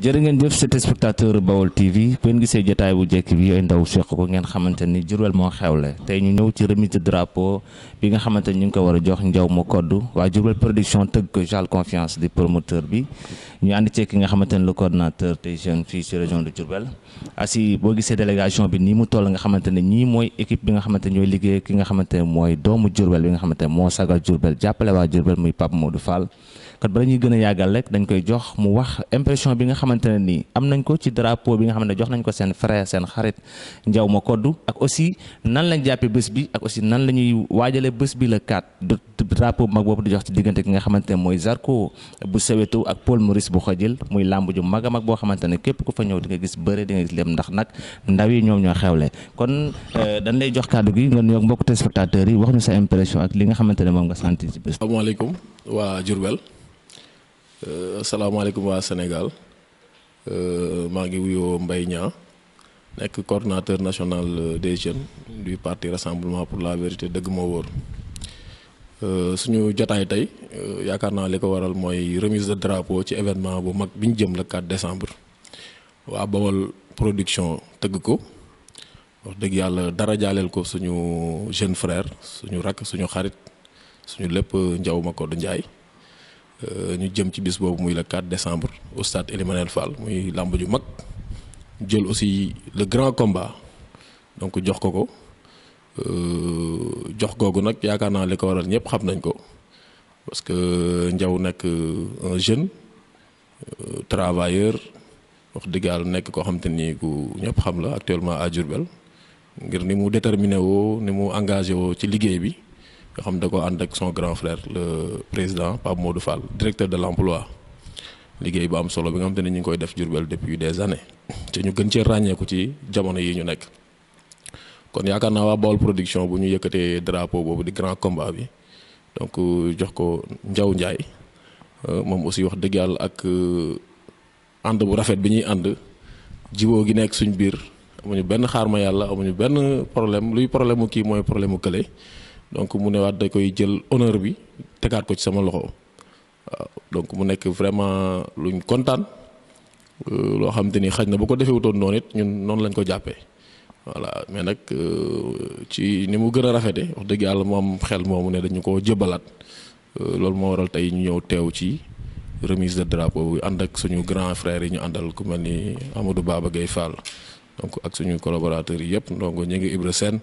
jërë ngeen jëf c'est spectateur Baol TV bu ngeen gisee jotaay bu jekk bi yooyu ndaw seq ko ngeen xamante ni Diourbel moo xewle tey ñu ñëw ci remise de drapeau bi nga xamante ni ñu ngi ko war a jox Ndiaw Macodou waa Diourbel production tëgg ko Jal Confiance di promoteur bi ñu ànd ceeg nga xamante ni le coordonnateur des jeunes fii ci région de Diourbel asi boo gisee délégation bi ni mu toll nga xamante ne ñii mooy équipe bi nga xamante ni ñooy liggéey ki nga xamante ne mooy doomu Diourbel bi nga xamante ne moo sagal Diourbel jàppale waa Diourbel muy Pape Modou Fall kat bala ñuy gën a yàggal rek dañ koy jox mu wax impression bi nga xamante ne nii am nañ ko ci drapeau bi nga xam ne jox nañ ko seen frère seen xarit njaw ma koddu ak aussi nan lañ jàppee bés bi ak aussi nan la ñuy waajale bés bi la kat drapeau bu mag boobu di jox ci diggante ki nga xamante ne mooy Zarko bu Soweto ak Paul Maurice bu xajil muy làmb ju mag a mag boo xamante ne képp ku fa ñëw di nga gis bëre di nga gis ndax nag ndaw yi ñoom ñoo xewle kon euh, dañ lay jox kàddu gi nga nuyoog mbokk téléspectateurs wax ñu sa impression ak li nga xamante ne moom nga sentir si bés. asalaamaaleykum waa Diourbel Euh, salaamaaleykum waa Sénégal euh, maa ngi wuyo mbay ñaa nekk coordonnateur national euh, des jeunes du parti rassemblement pour la vérité dëgg ma wóor suñu jotaay tey yaakaar naa li ko waral mooy remise de drapeau ci événement bu mag bi ñu jëm la 4 décembre waa Bawol production tëgg ko wax dëgg yàlla dara jaaleel ko suñu jeune frère suñu rakk suñu xarit suñu lépp njaw ma ko Njaay Euh, ñu jëm ci bis boobu muy la 4 décembre au stade Elimanel Fall muy làmb ju mag jël aussi le grand combat donc jox ko ko euh, jox googu nag yaakaar naa li ko waral ñëpp xam nañ ko parce que Ndiaw nekk euh, un jeune travayeur wax dëggal nekk koo xam te ni ku ñëpp xam la actuellement à Diourbel ngir ni mu déterminé woo ni mu engagé woo ci liggéey bi. yoo xam da ko ànd ak son grand frère le président Pape Modou Fall directeur de l'emploi liggéey bu am solo bi nga xam te ne ñu ngi koy def Diourbel depuis des années te ñu gën cee ràññeeku ci jamono yi ñu nekk kon yaakaar naa waa Baol production bu ñu yëkkatee drapeau boobu di grand combat bi donc euh, jox ko Njaw Njaay euh, moom aussi wax dëgg yàlla ak euh, ànd bu rafet bi ñuy ànd jiwoo gi nekk suñu biir amuñu benn xaar ma yàlla amuñu benn problème luy problème mu kii mooy problème mu donc mu newaat da koy jël honneur bi tegaat ko ci sama loxo waaw donc mu nekk vraiment luñ kontaan euh, loo xam te ni xaj na bu ko defee defewutoon noonu it ñun noonu lañ ko jàppee voilà mais nag euh, ci ni mu gën a rafete wax dëgg yàlla mu xel moomu ne dañu ko jëbalaat euh, loolu moo waral tey ñu ñëw teew ci remise de drapeau bi ànd ak suñu grand frère yi ñu àndal ku mel ni Amadou Baba Gueye Fall donc ak suñu collaborateurs yi yëpp ndongo ñu ngi Ibra Sène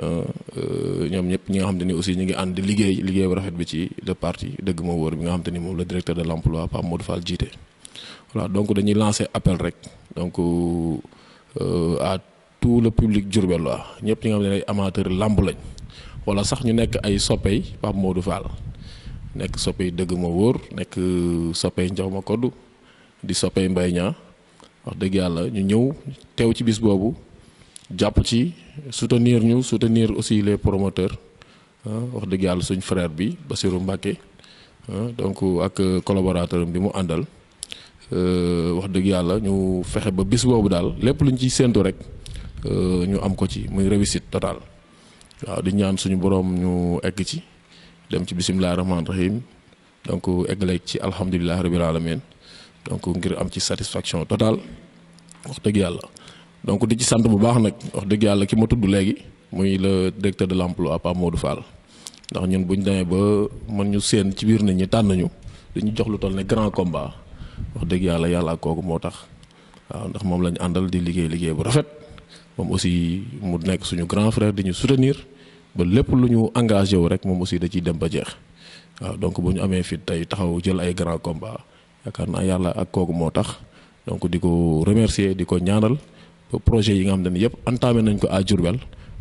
Euh, euh, ñoom ñëpp ñi nga xam te ni aussi ñu ngi ànd di liggéey liggéey bu rafet bi ci le parti dëgg ma wóor bi nga xam te ni moom le directeur de l' emploi Pape jiite. voilà donc dañuy lancer appel rek donc euh, à tout le public diourbellois ñëpp ñi nga xam ne ay amateur lañ wala sax ñu nekk ay soppey Pape Modou nekk soppey dëgg ma wóor nekk soppey njaw ma kodd di soppey mbay ñaa wax dëgg yàlla ñu ñëw teew ci bis boobu. jàpp ci soutenir ñu soutenir aussi les promoteurs wax dëgg yàlla suñ frère bi Bassirou Mbacké donc ak collaborateur bi mu àndal euh, wax dëgg yàlla ñu fexe ba bis boobu daal lépp luñ ci séntu rek euh, ñu am ko ci muy réussite totale waaw di ñaan suñu boroom ñu egg ci dem ci bisimilah rahmaani rahim donc eggaleeg ci alhamdulilah rabil alamin donc ngir am ci satisfaction totale wax dëgg yàlla. donc di ci sant bu baax nag wax dëgg yàlla ki ma tudd léegi muy le directeur de l'emploi Pape Modou Fall ndax ñun bu ñu demee ba man ñu seen ci biir nit ñi tànn ñu dañu jox lu toll ne grand combat wax dëgg yàlla yàlla ak kooku moo tax ndax moom la ñu àndal di liggéey liggéey bu rafet moom aussi mu nekk suñu grand frère ñu soutenir ba lépp lu ñu engagé wu rek moom aussi da ciy dem ba jeex donc bu ñu amee fit tey taxaw jël ay grand combat yàlla ak kooku moo tax donc di ko remercier di ko ñaanal. projet yi nga xam ne yëpp entamé nañ ko à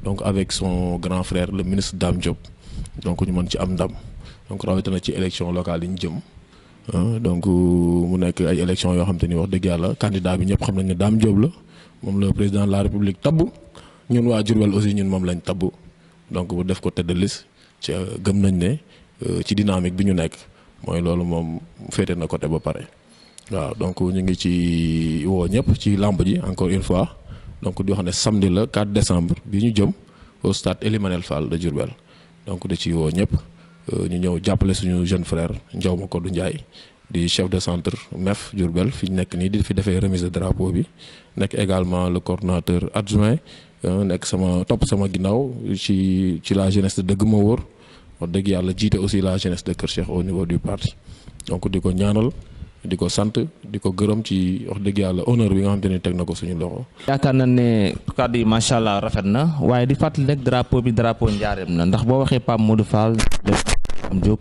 donc avec son grand frère le ministre Dame job donc ñu mën ci am ndam donc rawatina ci élection locale yi ñu jëm. donc euh, mu nekk ay élection yoo xam te ni wax dëgg yàlla candidat bi ñëpp xam nañ ne Dame Diop la moom la président de la république tabb ñun waa Diourbel aussi ñun moom lañ tabb donc bu def ko tête de liste ci euh, gëm nañ ne euh, ci dynamique bi ñu nekk mooy loolu moom féetee na côté ba pare waaw donc ñu ngi ci woo ñëpp ci làmb ji encore une fois. donc di wax ne samedi la 4 décembre bi ñu jëm au stade Elimanel Fall de Diourbel donc da ci woo ñëpp euh, ñu ñëw jàppale suñu jeune frère Ndiaw kodu Ndiaye di chef de centre MEF Diourbel fi ñu nekk nii di fi defee remise de drapeau bi nekk également le coordonnateur adjoint euh, nekk sama topp sama ginnaaw ci ci la jeunesse de dëgg ma wóor wax dëgg yàlla jiite aussi la jeunesse de Kër Cheikh au niveau du parti donc di ko ñaanal. di ko sant di ko gërëm ci wax dëgg yàlla honneur bi nga xamante ne teg na ko suñu loxo. yaakaar na ne kàddu yi macha allah rafet na waaye di fàttali nag drapo bi drapeau njaareem na ndax boo waxee Pape Modou Fall def am jóg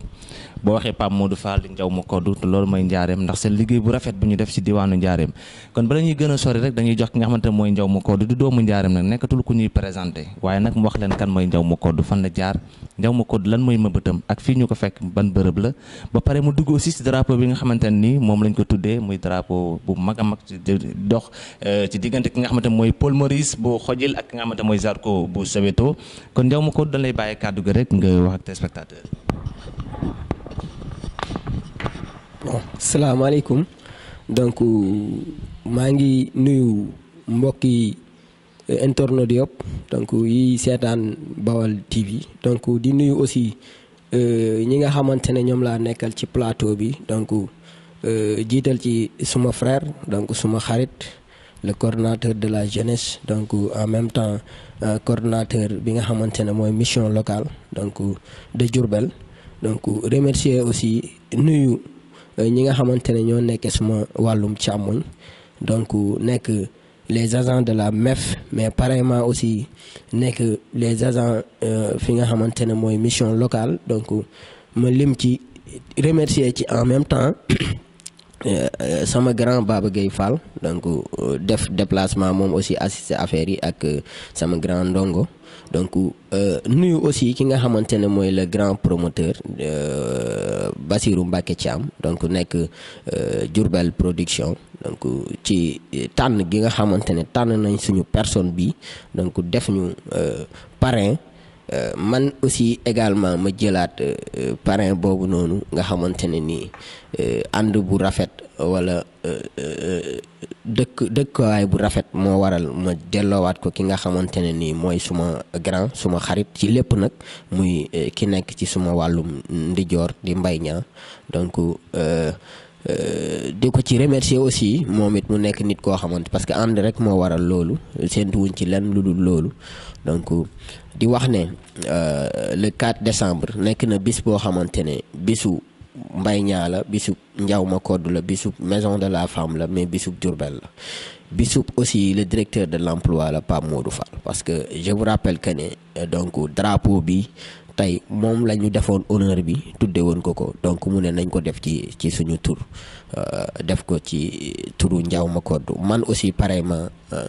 boo waxee Pape moo Fall di njaw ma koddu te loolu mooy njaareem ndax seen liggéey bu rafet bu ñu def si diwaanu njaareem kon bala ñuy gën a sori rek dañuy jox ki nga xamante ne mooy njaw ma koddu di doomu njaareem nag nekkatul ku présenté waaye nag mu wax leen kan mooy njaw ma koddu fan la jaar njaw ma koddu lan mooy mëbëtam ak fii ñu ko fekk ban bërëb la ba pare mu dugg aussi si drapeau bi nga xamante ne nii moom lañ ko tuddee muy drapeau bu mag a mag ci dox euh, ci diggante ki nga xamante mooy Paul Maurice bu xojil ak ki nga xamante mooy Zarko bu Soweto kon njaw ma koddu dañ lay kàddu gi rek nga wax ak salaamaaleykum donc maa ngi nuyu mbokki euh, internautes yëpp donc yi seetaan bawal TV donc di nuyu aussi euh, ñi nga xamante ne ñoom laa nekkal ci plateau bi donc euh, jiital ci suma frère donc suma xarit le coordonnateur de la jeunesse donc en même temps cordinateur bi nga xamante ne mooy mission locale donc de Diourbel donc remercier aussi nuyu. Euh, ñi nga xamante ne ñoo nekke suma wàllum càmmoñ donc nekk les agents de la MEF mais pareillement aussi nekk les agents euh, fi nga xamante ne mooy mission locale donc ma lim ci remercier ci en même temps euh, sama grand Baba Gueye Fall donc def déplacement moom aussi assister affaire yi ak sama grand Ndongo donc euh, nuyu aussi ki nga xamante ne mooy le grand promoteur euh, Basirou Mbacke am donc nekk euh, Diourbel production donc ci tànn gi nga xamante ne tànn nañ suñu personne bi donc def ñu parrain Euh, man aussi également ma jëlaat euh, parrain boobu noonu nga xamante ne nii euh, ànd bu rafet wala dëkk dëkkawaay bu rafet moo waral ma delloowaat ko ki nga xamante ne nii mooy suma grand suma xarit ci lépp nag muy ki nekk ci suma wàllum ndijoor di mbay ñaa donc di ko ci remercier aussi moom it mu nekk nit koo xamante parce que ànd rek moo waral loolu séntuwuñ ci lenn lu dul loolu donc di wax ne euh, le quatre décembre nekk na bis boo xamante ne bisu mbay ñaa la bisub njaw ma kodd la bisub maison de la femme la mais bisu Diourbel la bisub aussi le directeur de l'emploi la Pape Modou Fall parce que je vous rappelle que ne euh, donc drapeau bi tey moom la ñu defoon honneur bi tudde woon ko ko donc mu ne nañ ko def ci ci suñu tur euh, def ko ci turu ma Macodou man aussi pareillement euh,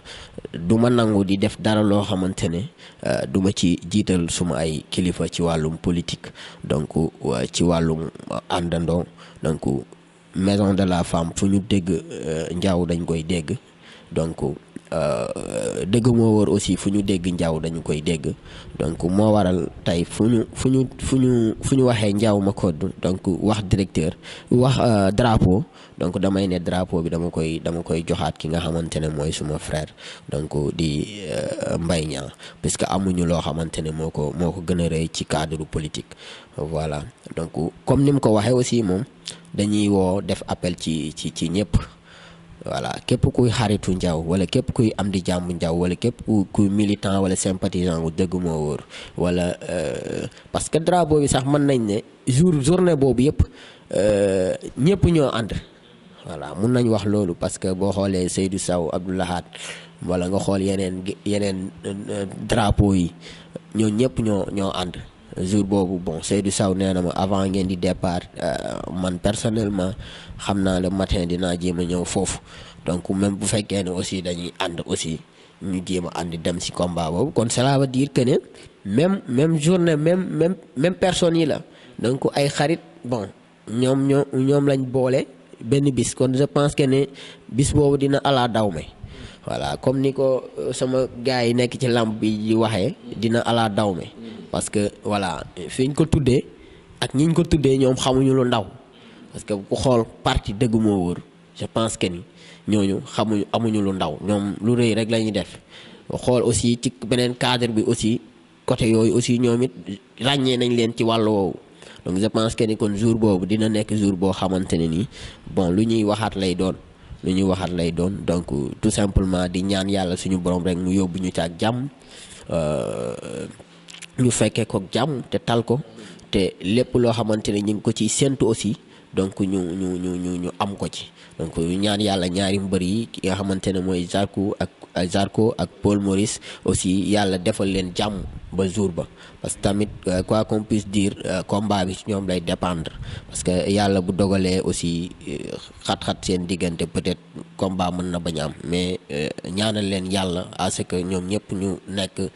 du ma nangu di def dara loo xamante ne euh, du ci jiital suma ay kilifa ci wàllum politique donc ci wàllum àndandoo donc maison de la femme fu ñu dégg Ndiaw dañ koy dégg donc dëgg moo wóor aussi fu ñu dégg njaw dañu koy dégg donc moo waral tey fu ñu fu ñu fu ñu fu ñu waxee njaaw ma kodd donc wax directeur wax euh, drapeau donc damay ne drapeau bi dama koy dama koy joxaat ki nga xamante ne mooy suma frère donc di euh, Mbaye Niang parce que amuñu loo xamante ne moo ko moo ko gën a rëy ci cadre politique voilà donc comme ni mu ko waxee aussi moom dañuy woo def appel ci ci ci ñëpp voilà képp kuy xaritu njaw wala képp kuy am di jàmm njaw wala képp kuy militant wala sympathisant wu dëgg moo wóor wala euh, parce que drapeau bi sax mën nañ ne jour journée boobu yëpp euh, ñëpp ñoo ànd voilà mun nañ wax loolu parce que boo xoolee Seydou Sow Abdoulahat wala nga xool yeneen yeneen euh, drapeau yi ñoo ñëpp ñoo ñoo ànd jour boobu bon Seydou Sow nee na ma avant ngeen di départ euh, man personnellement xam naa le matin dinaa jéem a ñëw foofu donc même bu fekkee ne aussi dañuy ànd aussi ñu jéem a ànd dem ci combat boobu kon cela veut dire que ne même même journée même même même personne yi la donc ay xarit bon ñoom ñoom lañ boole benn bis kon je pense que ne bis boobu dina alaa dawme voilà comme ni ko euh, sama gars yi nekk ci làmb bi di waxee dina alaa dawme parce que voilà fi ko tuddee ak ñi ko tuddee ñoom xamuñu lu ndaw parce que ku xool parti dëgg moo wóor je pense ni ñooñu xamuñu amuñu lu ndaw ñoom lu rëy rek la ñuy def xool aussi ci beneen kaadar bi aussi côté yooyu aussi ñoom it ràññee nañ leen ci wàll woowu donc je pense ni kon jour boobu dina nekk jour boo xamante ne nii bon lu ñuy waxaat lay doon lu ñuy waxaat lay doon donc tout simplement di ñaan yàlla suñu borom rek mu yóbbu ñu ci jàmm. Euh, ñu fekkee ko jàmm te tal ko te lépp loo xamante ne ñu ngi ko ciy séntu aussi donc ñu ñu ñu ñu ñu am ko ci donc ñu ñaan yàlla ñaari mbër yi ki nga xamante ne mooy Zarko ak Zarko ak Paul Maurice aussi yàlla defal leen jàmm ba jour ba parce que tamit euh, quoi qu'on puisse dire euh, combat bi ci ñoom lay dépendre parce que yàlla bu dogalee aussi euh, xat-xat seen diggante peut-être combat mën na bañ am mais ñaanal leen yàlla à que ñoom ñëpp ñu nekk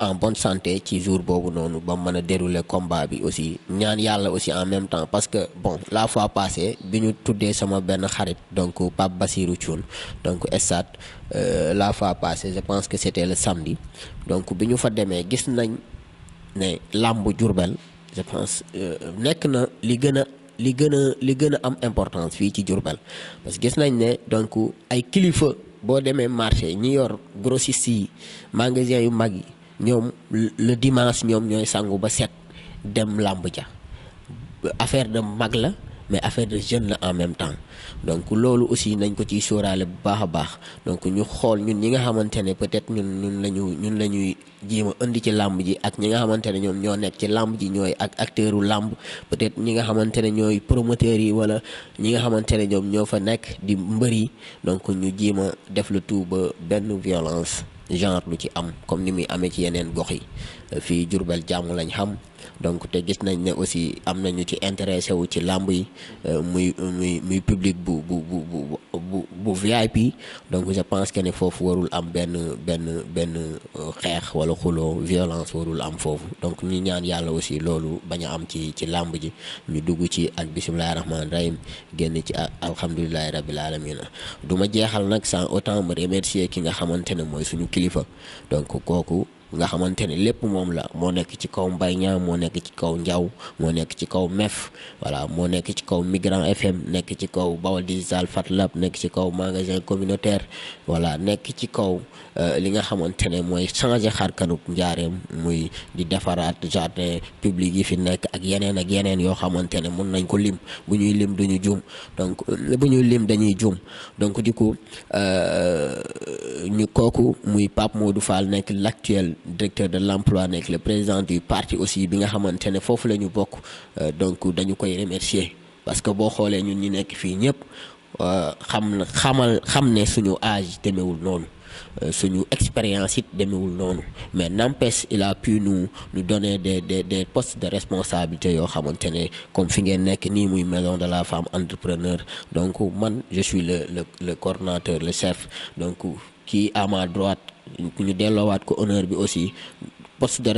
en bonne santé ci jour boobu noonu ba mën a dérouler combat bi aussi ñaan yàlla aussi en même temps parce que bon la fois passée bi ñu tuddee sama benn xarit donc Pape bassiru Thioune donc estat Euh, la fois passée je pense que c'était le samedi donc bi ñu fa demee gis nañ ne làmb Jurbel je pense euh, nekk na li gën a li gën a li gën a am importance fii ci Jurbel parce que gis nañ ne donc ay kilifa boo demee marché ñi yor grossistes yi magasin yu mag yi ñoom le dimanche ñoom ñooy sangu ba set dem làmb ja affaire de mag la mais affaire de jeune la en même temps donc loolu aussi nañ ko ciy sooraale bu baax a baax donc ñu xool ñun ñi nga xamante ne peut-être ñun ñun lañu ñun la ñuy jéem a indi ci làmb ji ak ñi nga xamante ne ñoom ñoo nekk ci làmb ji ñooy ak acteuru làmb peut-être ñi nga xamante ne ñooy promoteurs yi wala ñi nga xamante ne ñoom ñoo fa nekk di mbër yi donc ñu jéem a def le tout ba benn violence genre lu ci am comme ni muy amee ci yeneen gox yi fii Jurbel jàmm lañ xam donc te gis nañ ne aussi am nañu ci intéressé wu ci làmb yi euh, muy muy muy public bu bu bu bu bu VIP donc je pense que ne foofu warul am benn benn benn euh, xeex wala xuloo violence warul am foofu donc ñu ñaan yàlla aussi loolu bañ a am ci ci làmb ji ñu dugg ci ak bisimilah rahmaani rahim génn ci ak alhamdulilah rabil aalamiina du ma jeexal nag sans autant me remercier ki nga xamante ne mooy suñu kilifa donc kooku. nga xamante ne lépp moom la moo nekk ci kaw Mbaye Niang moo nekk ci kaw Ndiaw moo nekk ci kaw MEF voilà moo nekk ci kaw Migrant FM nekk ci kaw Bawal Digital Fatlab nekk ci kaw magasin communautaire voilà nekk ci kaw euh, li nga xamante ne mooy changer xar kanub njaareem muy di defaraat jardin public yi fi nekk ak yeneen ak yeneen yoo xamante ne mun nañ ko lim bu ñuy lim duñu juum donc euh, bu ñuy lim dañuy juum donc di ko euh, ñu kooku muy moo du Fall nekk l'actuel directeur de l'emploi nekk le président du parti aussi bi nga xamante ne foofu la ñu bokk euh, donc dañu koy remercier parce que boo xoolee ñun ñi nekk fii ñëpp euh, xam na xamal xam ne suñu âge demewul noonu euh, suñu expérience it demewul noonu mais n'empêche il a pu nu nous donner des des des postes de responsabilité yoo xamante ne comme fi ngeen nekk nii muy maison de la femme entrepreneur donc man je suis le le le coordonnateur le chef donc kii à ma droite ñu delloowaat ko honneur bi aussi poste de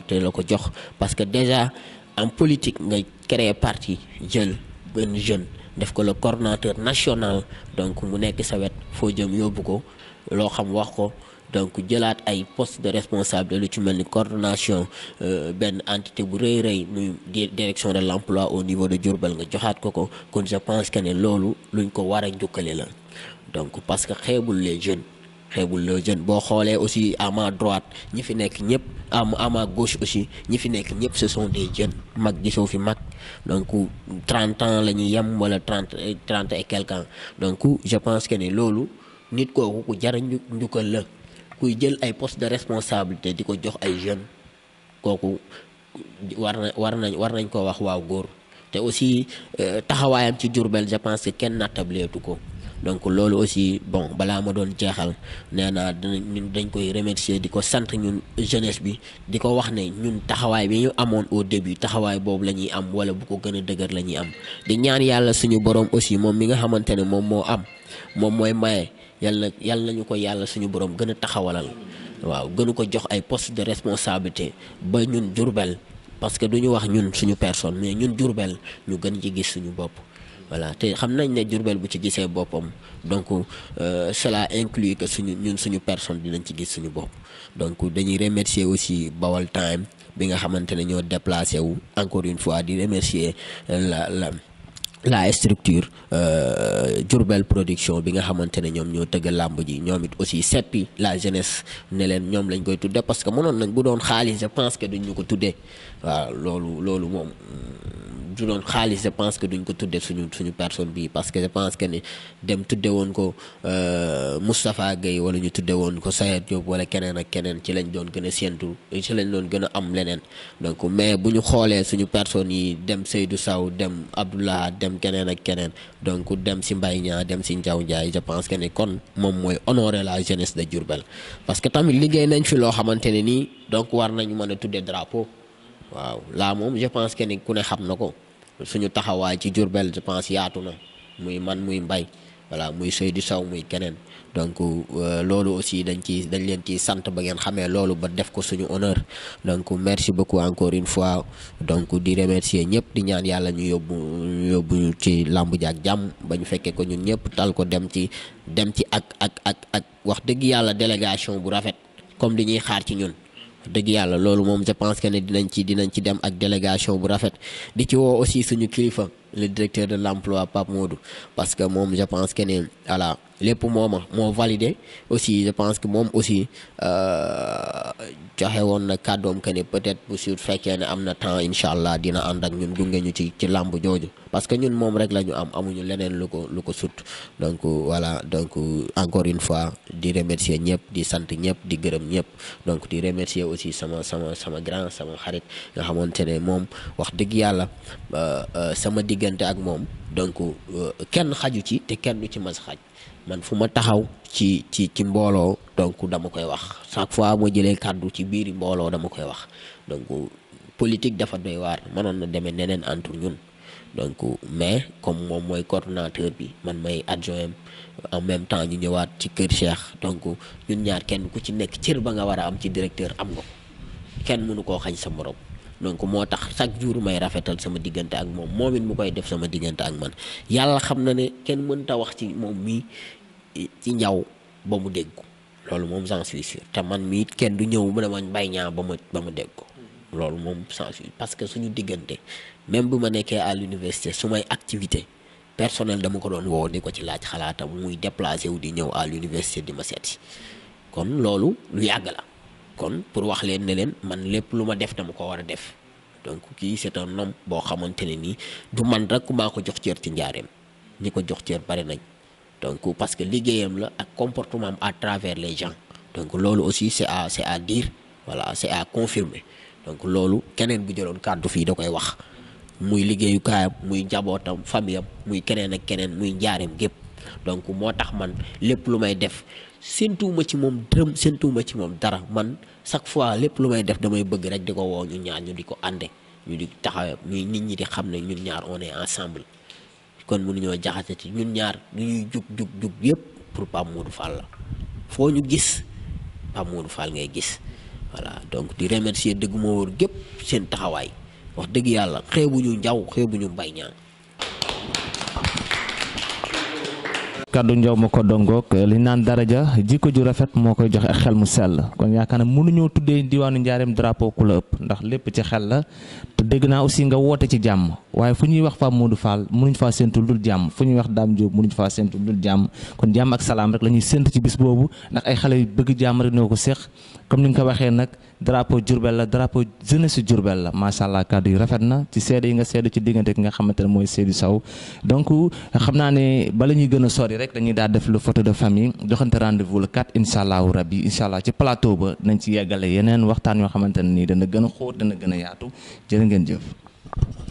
te la ko jox parce que déjà en politique nga créer parti jël benn jeune def ko la coordonnateur national donc mu nekk sa wet foo jëm yóbbu ko loo xam wax ko donc jëlaat ay poste de responsable lu ci mel ni coordination euh, benn entité bu rëy rëy muy direction de l'emploi au niveau de Diourbel nga joxaat ko ko kon je pense que ne loolu luñ ko war a njukkale la donc parce que xeebul les jeunes xeebul le jeune boo xoolee aussi à ma ñi fi nekk ñëpp à à ma gauche aussi ñi fi nekk ñëpp ce sont des jeunes mag gisoo fi mag donc trente ans la ñuy yem wala trente ay et quelque ans donc je pense que ni loolu nit kooku ku jar njukkal la kuy jël ay poste de responsabilité di ko jox ay jeunes kooku war war nañ war nañ ko wax waaw góor te aussi euh, taxawaayam ci Diourbel je pense que kenn nattableetu ko donc loolu aussi bon balaa ma doon jeexal nee naa ñun dañ koy remercier di ko sant ñun jeunesse bi di ko wax ne ñun taxawaay bi ñu amoon au début taxawaay boobu la ñuy am wala bu ko gën a dëgër la ñuy am di ñaan yàlla suñu borom aussi moom mi nga xamante ne moom moo am moom mooy maye yàlla yàlla nañu ko yàlla suñu borom gën a taxawalal waaw gënu ko jox ay post de responsabilité ba ñun Diourbel parce que du ñu wax ñun suñu personne mais ñun Diourbel ñu gën ci gis suñu bopp voilà te xam nañ ne Diourbel bu ci gisee boppam donc euh, cela inclut que suñu ñun suñu personne dinañ ci gis suñu bopp donc dañuy remercier aussi Bawal Time bi nga xamante ne ñoo déplacé wu encore une fois di remercier euh, la la la structure euh, Diourbel production bi nga xamante ne ñoom ñoo tëgg làmb ji ñoom it aussi seppi la jeunesse ne leen ñoom lañ koy tuddee parce que mënoon nañ bu doon xaalis je pense que duñ ko tuddee waaw loolu loolu moom. du doon xaalis je pense que duñ ko tudde suñu suñu personne bii parce que je pense que ni dem tudde woon ko euh, Moustapha Gueye wala ñu tudde woon ko Sayed Diop wala keneen ak keneen ci lañ doon gën a ci lañ doon gën a am leneen donc mais bu ñu xoolee suñu personnes yi dem Seydou Sow dem Abdoulaye dem keneen ak keneen donc dem si Mbaye Niang dem si Ndiaw Ndiaye je pense que ni kon moom mooy honorer la jeunesse de Diourbel parce que tamit liggéey nañ fi loo xamante ne nii donc war nañu mën a tudde drapeau waaw laa moom je pense que ni ku ne xam na ko suñu taxawaay ci Diourbel je pense yaatu na muy man muy mbay voilà muy Seydou Sow muy keneen donc euh, loolu aussi dañ ci dañ leen ci sant ba ngeen xamee loolu ba def ko suñu honneur donc merci beaucoup encore une fois donc di remercier ñëpp di ñaan yàlla ñu yóbbu ñu yóbbu ci làmb ji ak jàmm ba ñu fekkee ko ñun ñëpp tal ko dem ci dem ci ak ak ak ak wax dëgg yàlla délégation bu rafet comme di ñuy xaar ci ñun. dëgg yàlla loolu moom je pense que ne dinañ ci dinañ ci dem ak délégation bu rafet di ci woo aussi suñu kilifa. le directeur de l'emploi Pape Modou parce que moom je pense que ne voilà lépp mooma moo validé aussi je pense que moom aussi euh, joxe woon na kàddoom que ne peut-être bu su fekkee ne am na temps incha allah dina ànd ak ñun gunge ñu ci ci làmb jooju parce que ñun moom rek la ñu am amuñu leneen lu ko lu ko sut donc voilà donc encore une fois di remercier ñëpp di sant ñëpp di gërëm ñëpp donc di remercier aussi sama sama sama grand sama xarit nga xamante ne moom wax dëgg yàlla euh, euh, diggante ak moom donc euh, kenn xaju ci te kenn du ci mas xaj man fu ma taxaw ci ci ci mbooloo donc dama koy wax chaque fois ma jëlee kàddu ci biir biiri mbooloo dama koy wax donc politique dafa doy waar mënoon na demee neneen entre ñun donc mais comme moom mooy coordonnateur bi man may adjoint en même temps ñu ñëwaat ci kër Cheikh donc ñun ñaar kenn ku ci nekk cër ba nga war a am ci directeur am nga ko kenn mënu koo xañ sa morom donc moo tax chaque jour may rafetal sama diggante ak moom moom it mu koy def sama diggante ak man yàlla xam na ne kenn mënta wax ci moom mii ci njaw ba mu dégg ko loolu moom j'en suis sûr te man mii kenn du ñëw mu ne ma mbay ñaa ba ma ba mu dégg ko loolu moom j'en parce que suñu diggante même bu ma nekkee à l'université su may activité personnel dama ko doon woo di ko ci laaj xalaatam muy déplacé wu di ñëw à l'université di ma seeti kon loolu lu yàgg la kon pour wax leen ne leen man lépp lu ma def tam dama ko war a def donc kii c'est un boo xamante ne nii du man rek maa ko jox cër ci njaareem ñi ko jox cër bari nañ donc parce que liggéeyam la ak comportement à travers les gens donc loolu aussi c'est à c'est à dire voilà c'est à confirmer donc loolu keneen bu jëloon kàddu fii da koy wax muy liggéeyukaayam muy njabootam famille am muy keneen ak keneen muy njaareem gépp donc moo tax man lépp lu may def séentuwuma ci moom dërëm séentuwuma ci moom dara man chaque fois lépp lu may def damay bëgg rek di ko woo ñu ñaar ñu di ko ànde ñu di taxawee ñuy nit ñi di xam ne ñun ñaar on est ensemble kon mënuñoo jaxase ci ñun ñaar ñu ñuy jug jug jug yëpp pour pam Modou Fall la foo ñu gis Pape Modou Fall ngay gis voilà donc di remercier dëgguma moo gépp seen taxawaay wax dëgg yàlla xeebuñu njaw xeebuñu mbay ñaan kàddu njaw ma ko dongoog li naan daraja jikko ju rafet moo koy joxe ak xel mu sell kon yaakaar na mënuñoo tuddee diwaanu njaareem drapeau ku la ëpp ndax lépp ci xel la te dégg naa aussi nga woote ci jàmm waaye fu ñuy wax Pape Modou Fall mënuñ faa séntu dul jàmm fu ñuy wax Dame Diop mënuñ faa séntu dul jàmm kon jàmm ak salaam rek la ñuy sént ci bis boobu ndax ay xale yu bëgg jàmm rek ñoo ko séq comme ni nga ko waxee nag drapeau Diourbel la drapeau jeunesse Diourbel la macha allah kàddu yi rafet na ci seede yi nga seede ci diggante ki nga xamante ne mooy Seydou saw donc xam naa ne bala ñuy gën a sori rek dañuy daal def lu photo de famille joxante rendez-vous le 4 incha allahu rabi incha allah ci plateau ba nañ ci yeggale yeneen waxtaan yoo xamante ne nii dana gën a xóot dana gën a yaatu jërë ngeen jëf.